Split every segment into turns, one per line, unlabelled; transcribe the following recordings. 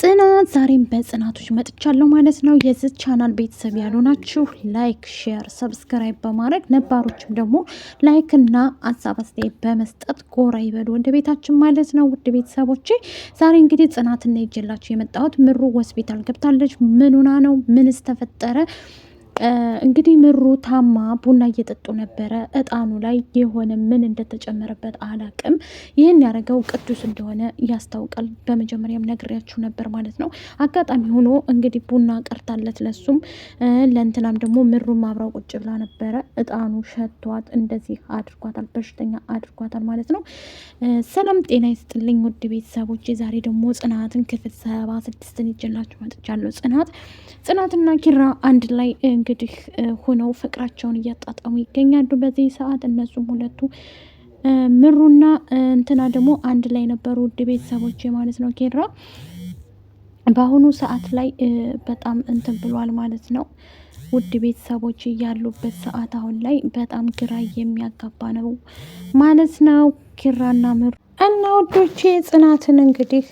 ጽናት ዛሬም በጽናቶች መጥቻለሁ ማለት ነው። የዚህ ቻናል ቤተሰብ ያልሆናችሁ ላይክ፣ ሼር፣ ሰብስክራይብ በማድረግ ነባሮችም ደግሞ ላይክ እና አሳብ አስተያየት በመስጠት ጎራ ይበሉ ወደ ቤታችን ማለት ነው። ውድ ቤተሰቦቼ ዛሬ እንግዲህ ጽናትና ይዤላችሁ የመጣሁት ምሩ ሆስፒታል ገብታለች። ምኑና ነው? ምንስ ተፈጠረ? እንግዲህ ምሩ ታማ ቡና እየጠጡ ነበረ። እጣኑ ላይ የሆነ ምን እንደተጨመረበት አላቅም። ይህን ያደረገው ቅዱስ እንደሆነ ያስታውቃል። በመጀመሪያም ነግሬያችሁ ነበር ማለት ነው። አጋጣሚ ሆኖ እንግዲህ ቡና ቀርታለት ለሱም ለእንትናም ደግሞ ምሩም አብራው ቁጭ ብላ ነበረ። እጣኑ ሸቷት እንደዚህ አድርጓታል፣ በሽተኛ አድርጓታል ማለት ነው። ሰላም ጤና ይስጥልኝ ውድ ቤተሰቦች፣ ዛሬ ደግሞ ጽናትን ክፍል ሰባ ስድስትን ይዤላችሁ መጥቻለሁ። ጽናት ጽናትና ኪራ አንድ ላይ እንግዲህ ሆነው ፍቅራቸውን እያጣጣሙ ይገኛሉ። በዚህ ሰዓት እነሱም ሁለቱ ምሩና እንትና ደግሞ አንድ ላይ ነበሩ። ውድ ቤተሰቦች ማለት ነው ኬራ በአሁኑ ሰዓት ላይ በጣም እንትን ብሏል ማለት ነው። ውድ ቤተሰቦች ያሉበት ሰዓት አሁን ላይ በጣም ግራ የሚያጋባ ነው ማለት ነው ኪራና ምሩ እና ውዶቼ ጽናትን እንግዲህ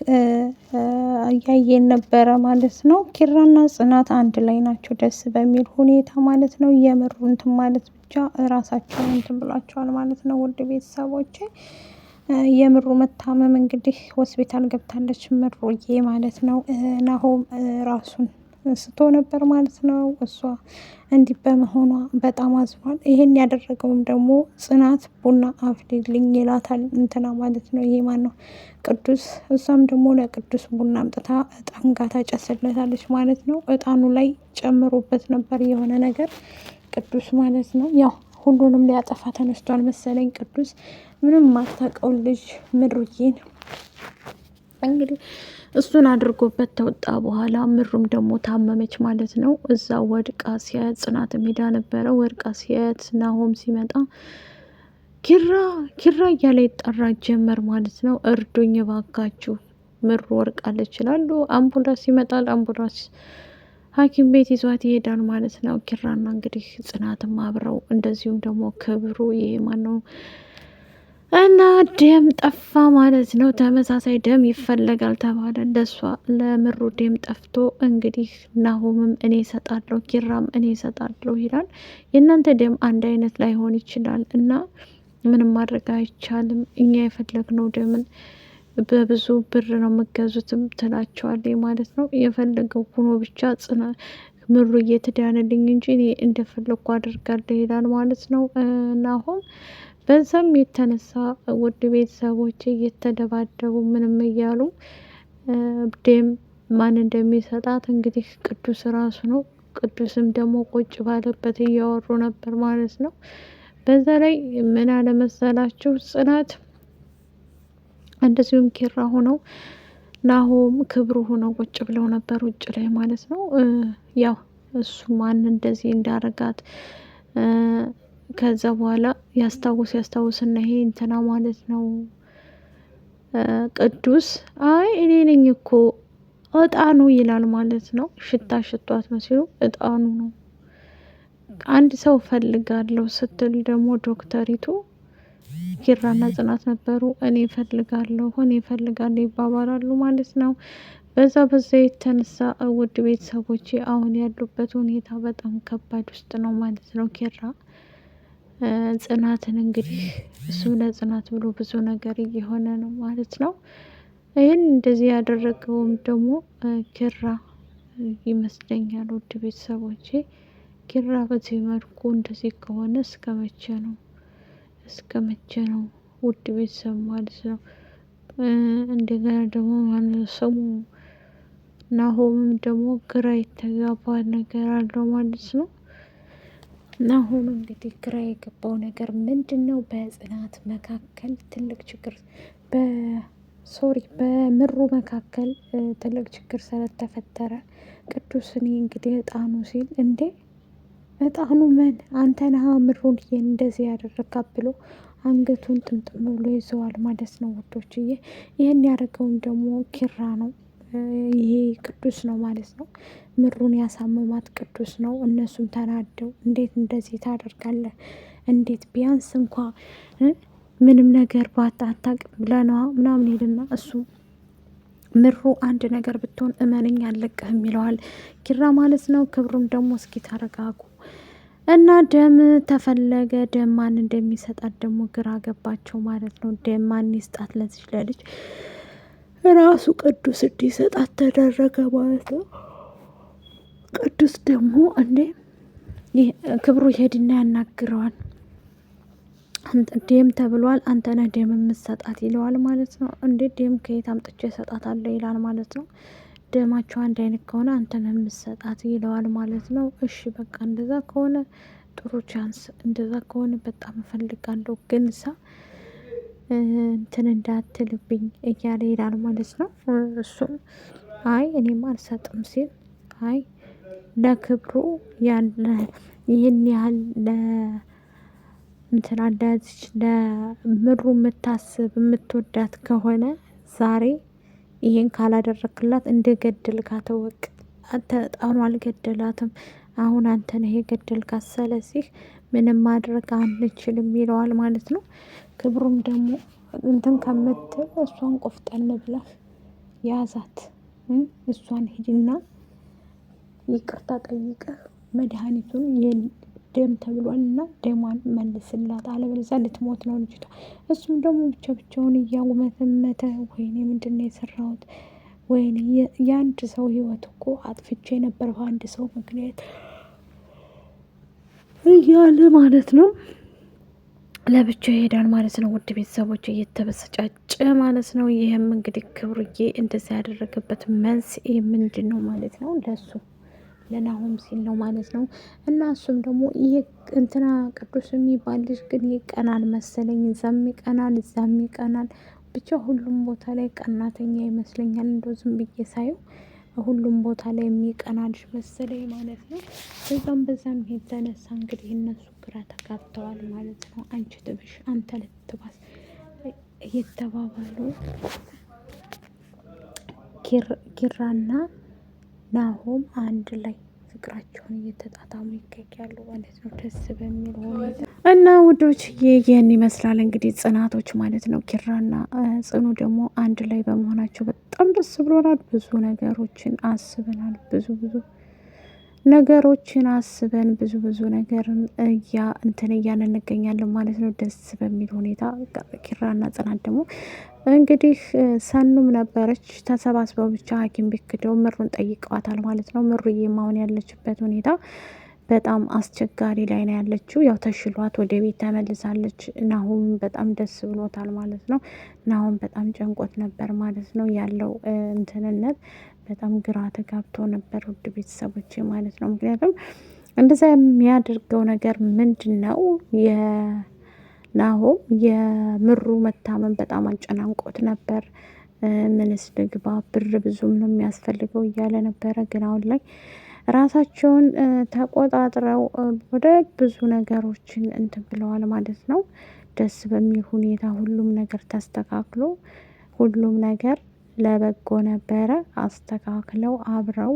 እያየን ነበረ ማለት ነው። ኪራና ጽናት አንድ ላይ ናቸው፣ ደስ በሚል ሁኔታ ማለት ነው። የምሩ እንትን ማለት ብቻ እራሳቸውን እንትን ብሏቸዋል ማለት ነው። ውድ ቤተሰቦቼ የምሩ መታመም እንግዲህ ሆስፒታል ገብታለች ምሩዬ ማለት ነው። ናሆም ራሱን ስቶ ነበር ማለት ነው። እሷ እንዲህ በመሆኗ በጣም አዝኗል። ይሄን ያደረገውም ደግሞ ጽናት ቡና አፍሊልኝ ይላታል እንትና ማለት ነው። ይሄ ማን ነው? ቅዱስ። እሷም ደግሞ ለቅዱስ ቡና አምጥታ እጣን ጋር ታጨስለታለች ማለት ነው። እጣኑ ላይ ጨምሮበት ነበር የሆነ ነገር ቅዱስ ማለት ነው። ያው ሁሉንም ሊያጠፋ ተነስቷል መሰለኝ ቅዱስ ምንም ማታውቀውን ልጅ ምድሩዬን እንግዲህ እሱን አድርጎበት ተወጣ በኋላ ምሩም ደግሞ ታመመች ማለት ነው። እዛ ወድቃ ሲያየት ጽናት ሄዳ ነበረ። ወድቃ ሲያየት ናሆም ሲመጣ ኪራ ኪራ እያለ ይጠራ ጀመር ማለት ነው። እርዱኝ ባካችሁ ምሩ ወርቃለች ይላሉ። አምቡላንስ ይመጣል። አምቡላንስ ሐኪም ቤት ይዟት ይሄዳል ማለት ነው። ኪራና እንግዲህ ጽናትም አብረው እንደዚሁም ደግሞ ክብሩ ይሄ ማነው እና ደም ጠፋ ማለት ነው። ተመሳሳይ ደም ይፈለጋል ተባለ ለሷ ለምሩ ደም ጠፍቶ እንግዲህ ናሆምም እኔ እሰጣለሁ፣ ኪራም እኔ እሰጣለሁ ይላል። የእናንተ ደም አንድ አይነት ላይሆን ይችላል እና ምንም ማድረግ አይቻልም። እኛ የፈለግነው ደምን በብዙ ብር ነው የምገዙትም ትላቸዋለች ማለት ነው። የፈለገው ሁኖ ብቻ ጽና ምሩ እየተዳነልኝ እንጂ እኔ እንደፈለግኩ አድርጋለሁ ይላል ማለት ነው ናሆም በዛም የተነሳ ውድ ቤተሰቦች እየተደባደቡ ምንም እያሉ ዴም ማን እንደሚሰጣት እንግዲህ ቅዱስ ራሱ ነው። ቅዱስም ደግሞ ቁጭ ባለበት እያወሩ ነበር ማለት ነው። በዛ ላይ ምን አለመሰላችሁ ጽናት እንደዚሁም ኪራ ሆነው ናሆም ክብሩ ሆነው ቁጭ ብለው ነበር ውጭ ላይ ማለት ነው። ያው እሱ ማን እንደዚህ እንዳረጋት ከዛ በኋላ ያስታውስ ያስታውስና ይሄ እንትና ማለት ነው ቅዱስ አይ እኔ ነኝ እኮ እጣኑ ይላል ማለት ነው። ሽታ ሽቷት መስሉ እጣኑ ነው። አንድ ሰው ፈልጋለሁ ስትል ደግሞ ዶክተሪቱ ኪራና ጽናት ነበሩ። እኔ ፈልጋለሁ እኔ ፈልጋለሁ ይባባላሉ ማለት ነው። በዛ በዛ የተነሳ ውድ ቤተሰቦቼ አሁን ያሉበት ሁኔታ በጣም ከባድ ውስጥ ነው ማለት ነው ኪራ ጽናትን እንግዲህ እሱ ለጽናት ብሎ ብዙ ነገር እየሆነ ነው ማለት ነው። ይህን እንደዚህ ያደረገውም ደግሞ ኪራ ይመስለኛል። ውድ ቤተሰቦቼ ኪራ በዚህ መልኩ እንደዚህ ከሆነ እስከ መቼ ነው? እስከ መቼ ነው? ውድ ቤተሰብ ማለት ነው። እንደገና ደግሞ ማነው ናሆምም ደግሞ ግራ የተጋባ ነገር አለው ማለት ነው። እና አሁኑ እንግዲህ ግራ የገባው ነገር ምንድን ነው? በጽናት መካከል ትልቅ ችግር በሶሪ በምሩ መካከል ትልቅ ችግር ስለተፈጠረ ቅዱስን እንግዲህ እጣኑ ሲል እንዴ እጣኑ ምን አንተ ነህ ምሩን እንደዚህ ያደረጋት ብሎ አንገቱን ጥምጥም ብሎ ይዘዋል ማለት ነው። ውዶችዬ ይህን ያደረገውን ደግሞ ኪራ ነው። ይሄ ቅዱስ ነው ማለት ነው። ምሩን ያሳመማት ቅዱስ ነው። እነሱም ተናደው እንዴት እንደዚህ ታደርጋለህ? እንዴት ቢያንስ እንኳ ምንም ነገር ባታ አታውቅም ብለነዋ ምናምን ሄድና እሱ ምሩ አንድ ነገር ብትሆን እመንኝ አልለቅህም ይለዋል ኪራ ማለት ነው። ክብሩም ደግሞ እስኪ ተረጋጉ እና ደም ተፈለገ ደም ማን እንደሚሰጣት ደግሞ ግራ ገባቸው ማለት ነው። ደም ማን ይስጣት ለዚች ለልጅ ራሱ ቅዱስ እንዲሰጣት ተደረገ ማለት ነው። ቅዱስ ደግሞ እንዴ ክብሩ ይሄድና ያናግረዋል። ዴም ተብሏል፣ አንተ ነህ ደም የምትሰጣት ይለዋል ማለት ነው። እንዴ ዴም ከየት አምጥቼ እሰጣታለሁ ይላል ማለት ነው። ደማቸው አንድ አይነት ከሆነ አንተ ነህ የምትሰጣት ይለዋል ማለት ነው። እሺ በቃ እንደዛ ከሆነ ጥሩ ቻንስ፣ እንደዛ ከሆነ በጣም እፈልጋለሁ ግን ሳ እንትን እንዳትልብኝ እያለ ይላል ማለት ነው። እሱም አይ እኔም አልሰጥም ሲል አይ ለክብሩ ያለ ይህን ያህል እንትን አዳያዝች ለምሩ የምታስብ የምትወዳት ከሆነ ዛሬ ይህን ካላደረክላት እንደገድል ካተወቅ አንተ ጣኑ አልገደላትም። አሁን አንተ ነህ የገደልካት። ስለዚህ ምንም ማድረግ አንችልም ይለዋል ማለት ነው። ክብሩም ደግሞ እንትን ከምትል እሷን ቆፍጠን ብላ ያዛት። እሷን ሂድና ይቅርታ ጠይቀህ መድኃኒቱን ደም ተብሏል እና ደሟን መልስላት፣ አለበለዚያ ልትሞት ነው ልጅቷ። እሱም ደግሞ ብቻ ብቻውን እያጉመተመተ ወይኔ ምንድን ነው የሰራሁት ወይኔ የአንድ ሰው ህይወት እኮ አጥፍቼ ነበር በአንድ ሰው ምክንያት እያለ ማለት ነው ለብቻ ይሄዳል ማለት ነው። ውድ ቤተሰቦች እየተበሰጫጨ ማለት ነው። ይህም እንግዲህ ክብሩዬ እንደዚ ያደረገበት መንስኤ ምንድን ነው ማለት ነው? ለሱ ለናሆም ሲል ነው ማለት ነው። እና እሱም ደግሞ ይሄ እንትና ቅዱስ የሚባል ልጅ ግን ይቀናል መሰለኝ፣ እዛም ይቀናል፣ እዛም ይቀናል ብቻ ሁሉም ቦታ ላይ ቀናተኛ ይመስለኛል። እንደው ዝም ብዬ ሳየው ሁሉም ቦታ ላይ የሚቀና ልጅ መሰለኝ ማለት ነው። በዛም በዛም የተነሳ እንግዲህ እነሱ ግራ ተጋብተዋል ማለት ነው። አንቺ ትብሽ አንተ ልትባስ የተባባሉ ኪራና ናሆም አንድ ላይ ፍቅራቸውን እየተጣጣሙ ይገኛሉ ማለት ነው። ደስ በሚል ሁኔታ እና ውዶች ይህን ይመስላል እንግዲህ ጽናቶች ማለት ነው። ኪራና ጽኑ ደግሞ አንድ ላይ በመሆናቸው በጣም ደስ ብሎናል። ብዙ ነገሮችን አስበናል። ብዙ ብዙ ነገሮችን አስበን ብዙ ብዙ ነገር እያ እንትን እያን እንገኛለን ማለት ነው። ደስ በሚል ሁኔታ ኪራና ጽናት ደግሞ እንግዲህ ሰኑም ነበረች ተሰባስበው ብቻ ሐኪም ቤት ክደው ምሩን ጠይቀዋታል ማለት ነው። ምሩ ማሆን ያለችበት ሁኔታ በጣም አስቸጋሪ ላይ ነው ያለችው። ያው ተሽሏት ወደ ቤት ተመልሳለች። ናሁም በጣም ደስ ብሎታል ማለት ነው። ናሁም በጣም ጨንቆት ነበር ማለት ነው። ያለው እንትንነት በጣም ግራ ተጋብቶ ነበር፣ ውድ ቤተሰቦች ማለት ነው። ምክንያቱም እንደዛ የሚያደርገው ነገር ምንድን ነው? የናሁም የምሩ መታመን በጣም አጨናንቆት ነበር። ምንስ ልግባ፣ ብር ብዙም ነው የሚያስፈልገው እያለ ነበረ ግን አሁን ላይ ራሳቸውን ተቆጣጥረው ወደ ብዙ ነገሮችን እንትን ብለዋል ማለት ነው። ደስ በሚል ሁኔታ ሁሉም ነገር ተስተካክሎ ሁሉም ነገር ለበጎ ነበረ። አስተካክለው አብረው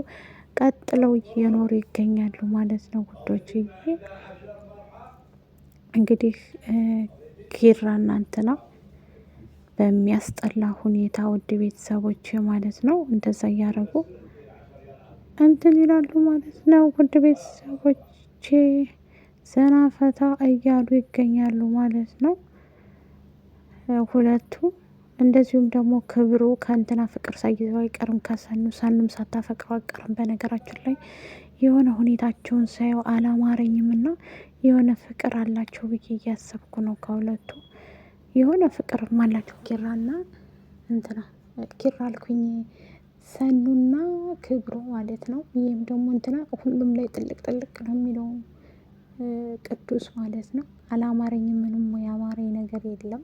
ቀጥለው እየኖሩ ይገኛሉ ማለት ነው ውዶችዬ። እንግዲህ ኪራ ነው በሚያስጠላ ሁኔታ ውድ ቤተሰቦች ማለት ነው እንደዛ እያደረጉ እንትን ይላሉ ማለት ነው። ውድ ቤተሰቦቼ ዘና ፈታ እያሉ ይገኛሉ ማለት ነው ሁለቱ። እንደዚሁም ደግሞ ክብሩ ከእንትና ፍቅር ሳይዘው አይቀርም ከሰኑ ሰኑም ሳታፈቅረው አይቀርም። በነገራችን ላይ የሆነ ሁኔታቸውን ሳየው አላማረኝም እና የሆነ ፍቅር አላቸው ብዬ እያሰብኩ ነው። ከሁለቱ የሆነ ፍቅር አላቸው ኪራና እንትና ኪራ አልኩኝ ሰኑና ክብሮ ማለት ነው። ይህም ደግሞ እንትና ሁሉም ላይ ጥልቅ ጥልቅ ነው የሚለው ቅዱስ ማለት ነው። አላማረኝ ምንም የአማረኝ ነገር የለም።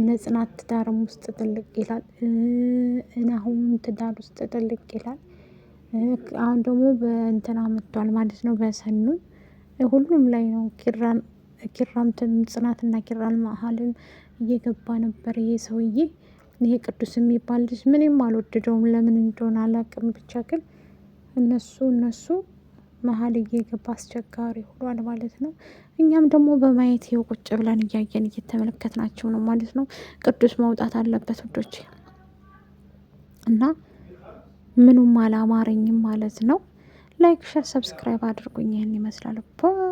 እነ ጽናት ትዳርም ውስጥ ጥልቅ ይላል። እናሁም ትዳር ውስጥ ጥልቅ ይላል። አሁን ደግሞ በእንትና መጥቷል ማለት ነው። በሰኑ ሁሉም ላይ ነው። ኪራን ኪራም ጽናትና ኪራን መሀልም እየገባ ነበር ይሄ ሰውዬ። ይሄ ቅዱስ የሚባል ልጅ ምንም አልወደደውም። ለምን እንደሆነ አላቅም። ብቻ ግን እነሱ እነሱ መሀል እየገባ አስቸጋሪ ሆኗል ማለት ነው። እኛም ደግሞ በማየት ይኸው ቁጭ ብለን እያየን ናቸው ነው ማለት ነው። ቅዱስ መውጣት አለበት ውዶች እና ምኑም አላማረኝም ማለት ነው። ላይክ፣ ሸር፣ ሰብስክራይብ አድርጉኝ። ይህን ይመስላል።